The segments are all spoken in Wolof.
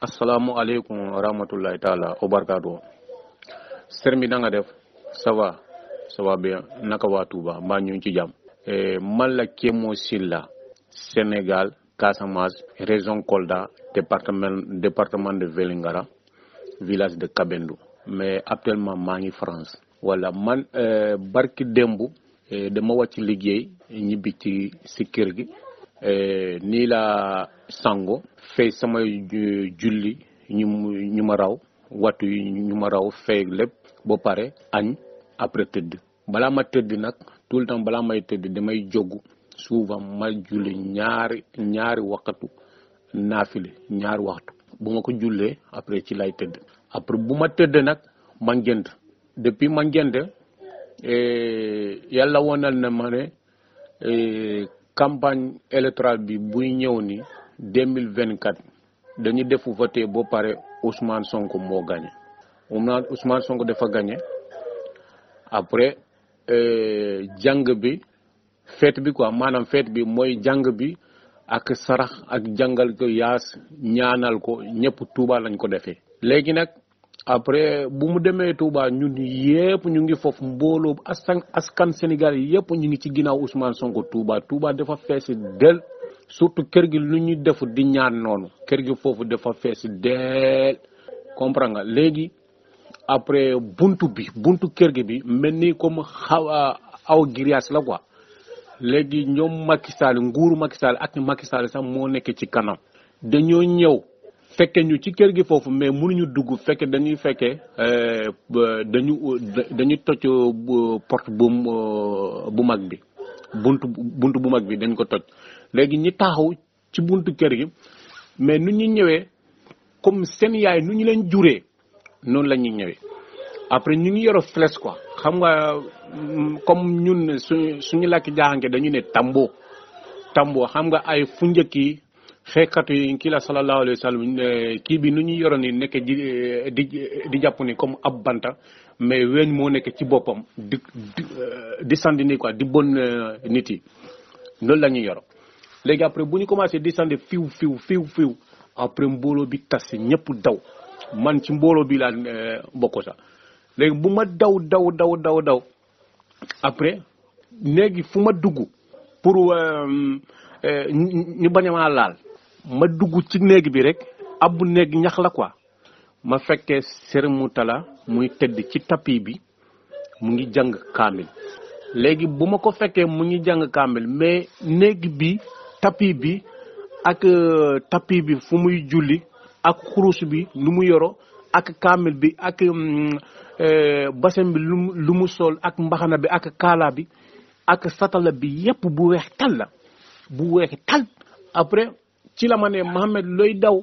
assalamu aleykum wa rahmatullahi taala wa barakaatu mi na def ça va ça bien naka waa Touba mbaa ñu ngi ci jàmm e, man la Kémo Silla Sénégal Casamance région Kolda département département de Vélingara village de Kabendou mais actuellement maa ngi France wala man euh, barki démb e, dama wàcc liggéey ñibbi ci si kër gi Eh, nii la sango fay sama eh, julli ñu ñu ma raw wattu yi ñu ma raw fay lépp ba pare añ après tëdd balaa ma tëdd nag tout le temps balaa may tëdd damay joggu souvent ma julli ñaari ñaari waxtu naafile ñaari waxtu bu ma ko jullee après ci lay tëdd après bu ma tëdd nag ma ngënd depuis ma ngënd eh, yàlla wonal na ma campagne électorale bi buy ñëw ni deux mille vingt quatre dañu defu voté ba pare Ousmane Sonko moo gagné Ousmane Sonko dafa gagné après euh, jàng bi fête bi ko maanaam fête bi mooy jàng bi ak sarax ak jàngal ko yaas ñaanal ko ñëpp Tuuba lañ ko defee léegi nag après bu mu demee Touba ñun yëpp ñu ngi foofu mbooloo askan askan Sénégal yëpp ñu ngi ci ginnaaw Ousmane Sonko Touba Touba dafa feesi del surtout kër gi lu ñu def di ñaan noonu kër gi foofu dafa feesi del comprend nga léegi après buntu bi buntu kër gi bi mel ni comme xaw aw grillage la quoi léegi ñoom Macky Sall nguuru Macky Sall ak Macky Sall sax moo nekkee ci kanam dañoo ñëw fekke ñu ci kër gi foofu mais mënuñu dugg fekke dañuy fekke euh, dañu dañu toj euh, porte bu euh, bu mag bi bunt bunt bu mag bi dañ ko toj léegi ñi taxaw ci buntu kër gi mais nu ñu ñëwee comme seen yaay nu ñu leen juree noonu la ñuy ñëwee après ñu ngi yoro flèche ko xam nga comme ñu suñu suñu làkki jaaxanke dañu ne tambo tambo xam nga ay fu njëkk yi xeexkat yi kii la sallallahu alayhi wa sallam kii bi nu ñuy yoroon ni nekk di eh, di di jàpp ni comme ab banta mais weñ moo nekke ci boppam di di eh, sandi ni di bon eh, nit yi loolu la ñuy yoro léegi après bu ñu commencé di sandi fiw fiw fiw fiw après mbooloo bi tas ñëpp daw man ci mbooloo bi laa bokk sax léegi bu ma daw daw daw daw daw après léegi fu ma dugg pour euh, ñu bañ a laal. ma dugg ci néeg bi rek abbu néeg ñax la quoi ma fekkee Serigne tala muy tëdd ci tappi bi mu ngi jàng kaamil léegi bu ma ko fekkee mu ngi jàng kaamil mais néeg bi tappi bi ak euh, tapis bi fu muy julli ak xurus bi lu mu yoro ak kaamil bi ak mm, euh, basin bi lu lu mu sol ak mbaxana bi ak kaala bi ak satala bi yépp bu weex tal la bu weex tal après ci la ma ne Mouhamed looy daw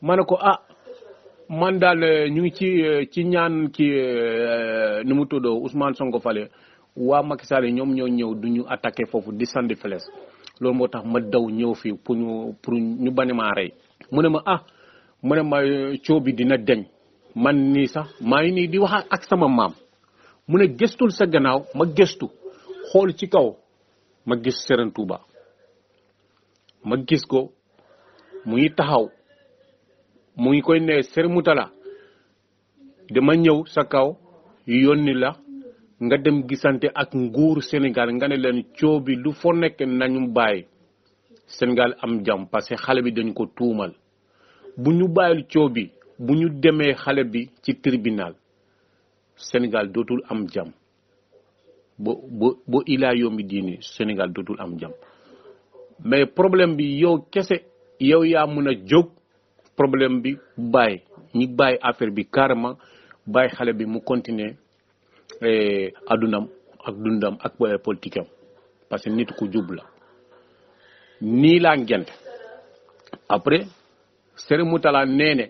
ma ne ko ah man daal eh, ñu ngi ci eh, ci ñaan ki eh, nu mu tudd Ousmane Sonko fale waa Macky Sall ñoom ñoo ñëw du ñu attaqué foofu di sandi flèche loolu moo tax ma daw ñëw fii pour ñu pour ñu bañ maa rey mu ne ma ah mu ne ma coow bi dina deñ man nii sax maa ngi nii di wax ak sama maam mu ne gëstul sa gannaaw ma gëstu xool ci kaw ma gis Serigne ma gis ko mu ngi taxaw mu ngi koy ne Sëriñ Murtala dama ñëw sa kaw yónni la nga dem gisante ak nguur Sénégal nga ne leen coow bi lu fo nekk nañu bàyyi Sénégal am jàmm parce que xale bi dañ ko tuumal bu ñu bàyyil coow bi bu ñu demee xale bi ci tribunal Sénégal dootul am jàmm ba ba ba ilaa yombi diini Sénégal dootul am jàmm mais problème bi yow kese yow yaa mën a jóg problème bi bàyyi ñi bàyyi affaire bi carrément bàyyi xale bi mu continuer addunam eh, ak dundam ak politique parce que nit ku jub la nii laa ngent après Sëriñ Mutala neene ne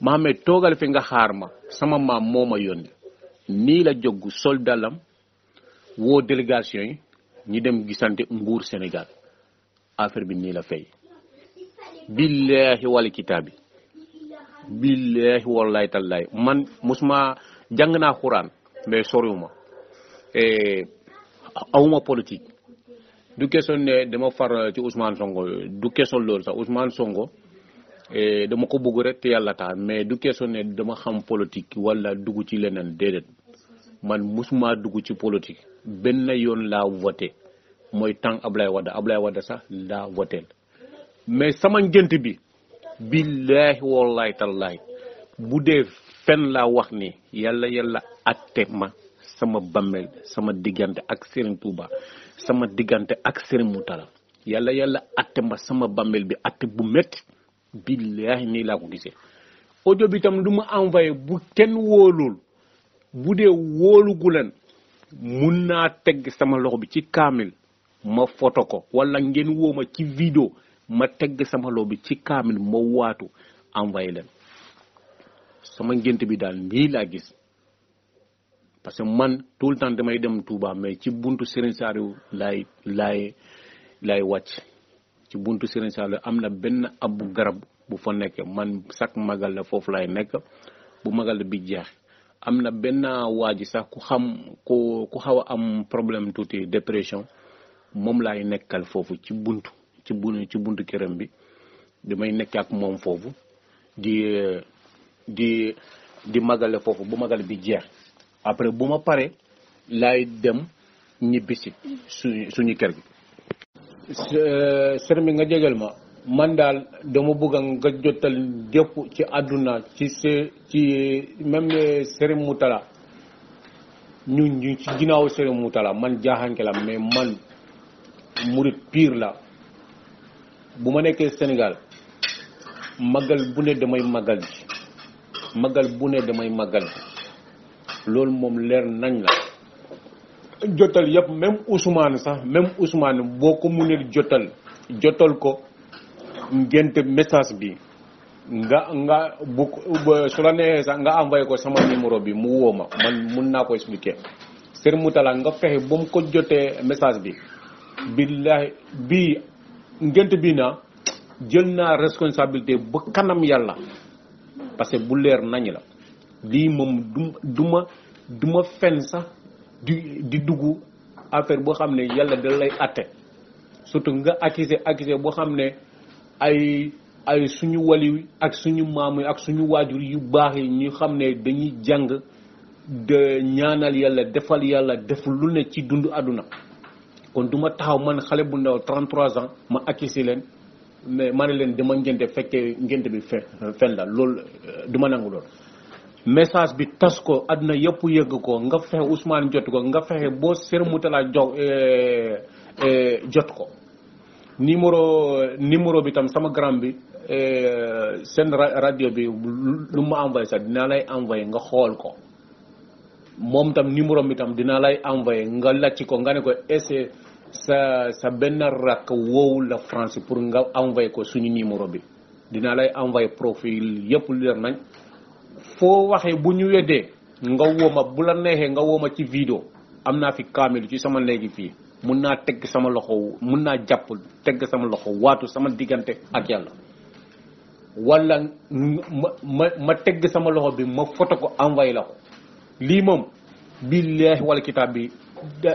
Mohamed toogal fi nga xaar ma sama maam moo ma yónni nii la jóg soldalam woo délégation yi ñi dem gisante nguur Sénégal affaire bi nii la fay billahi wal kitaabi billahi wallahi tallahi man musuma jàng naa xuraan mais soriwuma eh, awuma politique du question ne dama far ci Ousmane Sonko du question lool sax Ousmane Sonko eh, dama ko bëgg rek te yàlla tax mais du question ne dama xam politique wala dugg ci leneen déedéet man musuma dugg ci politique benn yoon laa voté mooy temps Ablaye Wade Ablaye Wade sax laa voté mais sama njënt bi billaahi wallaahi tallaahi bu dee fen laa wax ni yàlla yàlla atte ma sama bammeel sama diggante ak Serigne Touba sama diggante ak Serigne Moutala yàlla yàlla atte ma sama bammeel bi atte bu métti billaahi nii laa ko gisee audio bi tam lu mu envoyé bu kenn wóolul bu dee wóolugu leen mun naa tegg sama loxo bi ci kaamil ma foto ko wala ngeen woo ma ci vidéo ma tegg sama loo ci kaamil ma waatu envoyé leen sama ngént bi daal nii laa gis parce que man tout le temps damay dem Touba mais ci buntu Serigne Saliou laay lay lay wàcc ci buntu Serigne Saliou am na benn abu garab bu fa nekk man chaque magal la foofu lay nekk bu magal bi jeex am na benn waa ji sax ku xam ku ku xaw a am problème tuuti dépression moom laay nekkal foofu ci buntu. ci bu ci buntu këram bi damay nekk ak moom foofu di di di magale foofu bu magal bi jeex après bu ma pare lay dem ñibbisi su suñu kër gi. sëriñ bi nga jégal ma man daal dama bëgg nga jotal jëpp ci àdduna ci ci même sëriñ mu ñun ñu ci ginnaaw mu Moutala man jaaxanke la mais man murit pire la. bu ma nekkee Sénégal màggal bu ne damay màggal ji màggal bu ne damay màggal ji loolu moom leer nañ la jotal yëpp même Ousmane sax même Ousmane boo ko mënee jotal jotal ko ngénte message bi nga nga bu su la neexee sax nga envoyé ko sama numéro bi mu woo ma mun naa ko expliquer Serigne nga fexe ba mu ko jotee message bi billahi bii ngént bi naa jël naa responsabilité bu kanam yàlla parce que bu leer nañ la lii moom duma duma du fen sax di di dugg affaire boo xam ne yàlla da lay atte surtout nga accusé accusé boo xam ne ay ay suñu waliw ak suñu maam yi ak suñu waajur yu baax yi ñu xam ne dañuy jàng de ñaanal yàlla defal yàlla def lu ne ci dund àdduna kon du ma taxaw man xale bu ndaw 33 ans ma accusé leen mais ma ne leen dama ngénte fekkee ngénte bi fe fen la loolu euh, du ma nangu loolu message bi tas ko àdduna yëpp yëgg ko nga fexe Ousmane jot ko nga fexe boo Sër Moutala jo euh, euh, jot ko numéro numéro bi tam sama gramme bi seen radio bi lu ma envoyé sax dinaa lay envoyé nga xool ko moom tam numéro mi tam dinaa lay envoyé nga lacc ko nga ne ko essayer sa sa benn rakk woowu la France pour nga envoyé ko suñu numéro bi dinaa lay envoyé profil yëpp leer nañ foo waxee bu ñu weddee nga wooma bu la neexee nga wooma ci vidéo am naa fi kaamil ci sama léegi fii mun naa tegg sama loxo mun naa jàpp teg sama loxo waatu sama diggante ak yàlla wala ma ma tegg sama loxo bi ma foto ko envoyé la ko lii moom bii billaahi wala kitaab bi da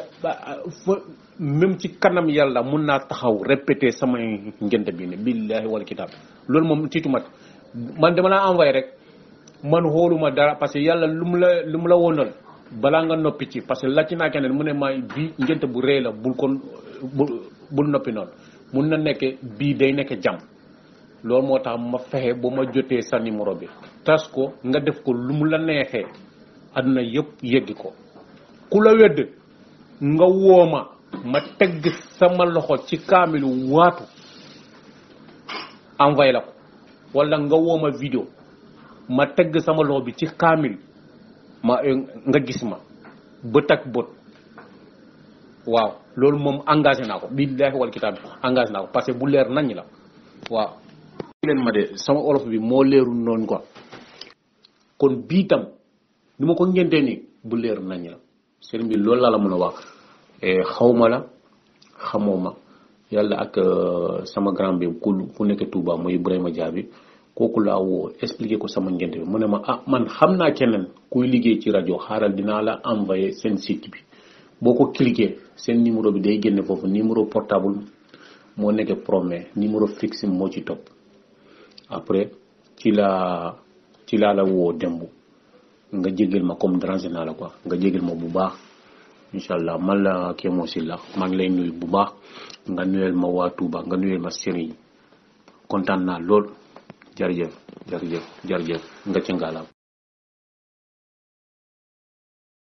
même ci kanam yàlla mun naa taxaw répéter samay ngént bi ne billaahi wala kitaab loolu moom tiitu mat man dama laa envoyé rek man xooluma dara parce que yàlla lu mu la lu mu la wonal balaa nga noppi ci parce que ci naa keneen mu ne maa bii ngént bu rëy la bul ko bul noppi noonu mun na nekke bii day nekk jàmm loolu moo tax ma fexe ba ma jotee sa numéro bi tas ko nga def ko lu mu la neexee àdduna yëpp yëggi ko ku la wedd nga wooma ma tegg sama loxo ci kaamilu waatu envoyé la ko wala nga wooma vidéo ma tegg sama loxo bi ci kaamil ma nga gis ma bët ak bët waaw loolu moom engage naa ko bii billaahi wal kitaab engagé naa ko parce que bu leer nañ la waaw leen ma de sama olof bi moo leerul noonu quoi kon bii tam nu ma ko ngéntee nii bu leer nañ la sëriñ bi loolu laa la mën a wax eh, xawma la xamoo ma yàlla ak euh, sama grand bi ku ku nekk Touba mooy Ibrahima Dia bi kooku laa woo expliqué ko sama ngénte bi mu ne ma ah man xam naa keneen kuy liggéey ci rajo xaaral dinaa laa envoyé seen site bi boo ko cliqué seen numéro bi day génne foofu numéro portable moo nekk promet numéro fixe moo ci topp après ci laa ci laa la woo dembu nga jégal ma comme dérangé naa la ko nga jégal ma bu baax incha allah man la Kémo Sylla maa ngi lay nuyu bu baax nga nuyel ma waa ba nga nuyel ma sëriñ yi kontaan naa lool jërëjëf jërëjëf jërëjëf nga ci ngalam